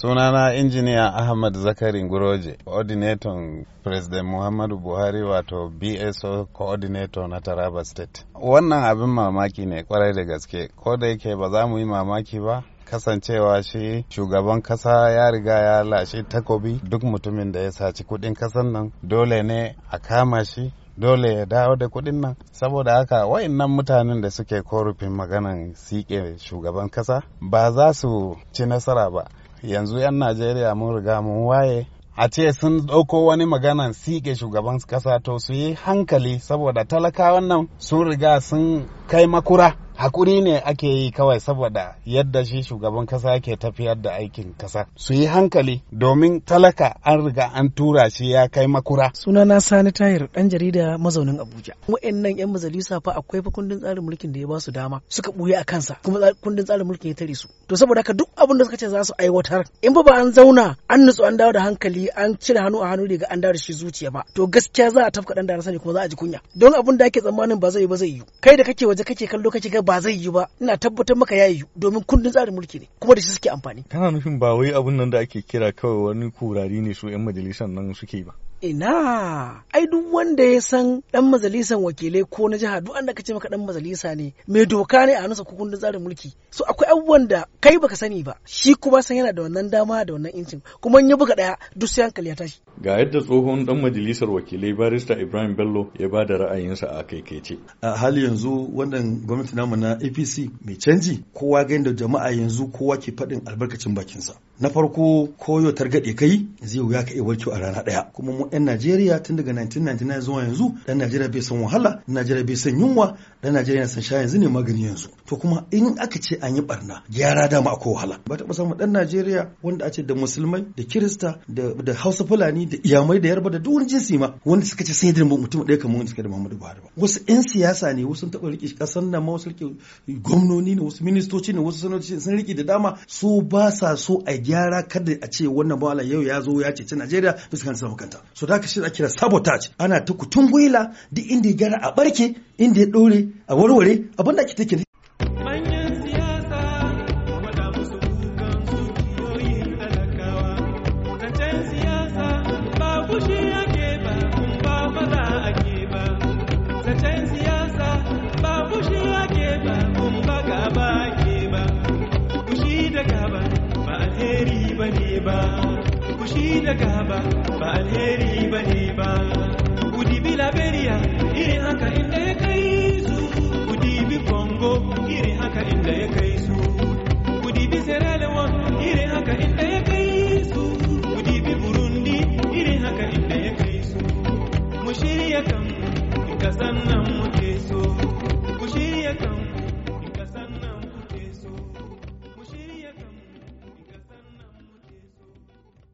sunana injiniya ahmad zakari guroje coordinator president muhammadu buhari wato bso coordinator na taraba state wannan abin mamaki ne kwarai da gaske ko da yake ba za mu yi mamaki ba kasancewa shi shugaban kasa ya riga ya lashe takobi duk mutumin da ya saci kudin kasan nan dole ne a kama shi dole ya dawo da kuɗin nan saboda haka wayannan mutanen da suke korufin maganan siƙe shugaban kasa ba za su ci nasara ba yanzu 'yan najeriya mun riga mun waye a ce sun ɗauko wani maganan sike shugaban kasa to su yi hankali saboda talakawan nan sun riga sun kai makura hakuri ne ake yi kawai saboda yadda shi shugaban kasa ke tafiyar da aikin kasa su yi hankali domin talaka an riga an tura shi ya kai makura suna na sani tahir dan jarida mazaunin abuja wa'annan yan majalisa fa akwai fa kundin tsarin mulkin da ya ba su dama suka buya a kansa kuma kundin tsarin mulkin ya tare su to saboda haka duk abin da suka ce za su aiwatar in ba an zauna an nutsu an dawo da hankali an cire hannu a hannu daga an dawo da shi zuciya ba to gaskiya za a tafka dan da sani kuma za a ji kunya don abin da ake tsammanin ba zai yi ba zai yi kai da kake waje kake kallo kake ga ba zai yi ba ina tabbatar maka ya yi domin kundin tsarin mulki ne kuma da shi suke amfani kana nufin ba wai abun nan da ake kira kawai wani kurari ne su yan majalisan nan suke ba ina ai duk wanda ya san dan majalisan wakilai ko na jiha duk anda kace maka dan majalisa ne mai doka ne a nasa kundin tsarin mulki so akwai abubuwan da kai baka sani ba shi kuma san yana da wannan dama da wannan incin kuma in ya buga daya duk sai hankali ya tashi ga yadda tsohon dan majalisar wakilai barista Ibrahim Bello ya ba da ra'ayinsa a ce. A hali yanzu wannan gwamnati namu na APC mai canji kowa ga yadda jama'a yanzu kowa ke faɗin albarkacin bakinsa. Na farko koyo targaɗe kai zai wuya ka iya a rana ɗaya kuma mu 'yan Najeriya tun daga 1999 zuwa yanzu dan Najeriya bai san wahala, Najeriya bai san yunwa, dan Najeriya san sha yanzu ne magani yanzu. To kuma in aka ce an yi barna gyara dama akwai wahala. Ba taɓa samu dan Najeriya wanda a ce da musulmai da Kirista da Hausa Fulani da iyamai da yarba da duk wani jinsi ma wanda suka ce sai da mutum ɗaya kamar wanda suka da Muhammadu Buhari ba wasu 'yan siyasa ne wasu taɓa riƙe ƙasar nan ma wasu riƙe. gwamnoni ne wasu ministoci ne wasu sanatoci sun riƙe da dama su ba sa so a gyara kada a ce wannan bawala yau ya zo ya ce, ci Najeriya bisa kan samu kanta so da haka shi kira sabotage ana ta kutun gwila duk inda ya gyara a barke inda ya ɗore a warware abin da ake take ba kushi da gaba ba alheri ba ne ba kudi bi liberia irin haka inda ya kai su kudi bi congo irin haka inda ya kai su kudi bi sierra leone irin haka inda ya kai su kudi bi burundi irin haka inda ya kai su mu shirya kan kasan nan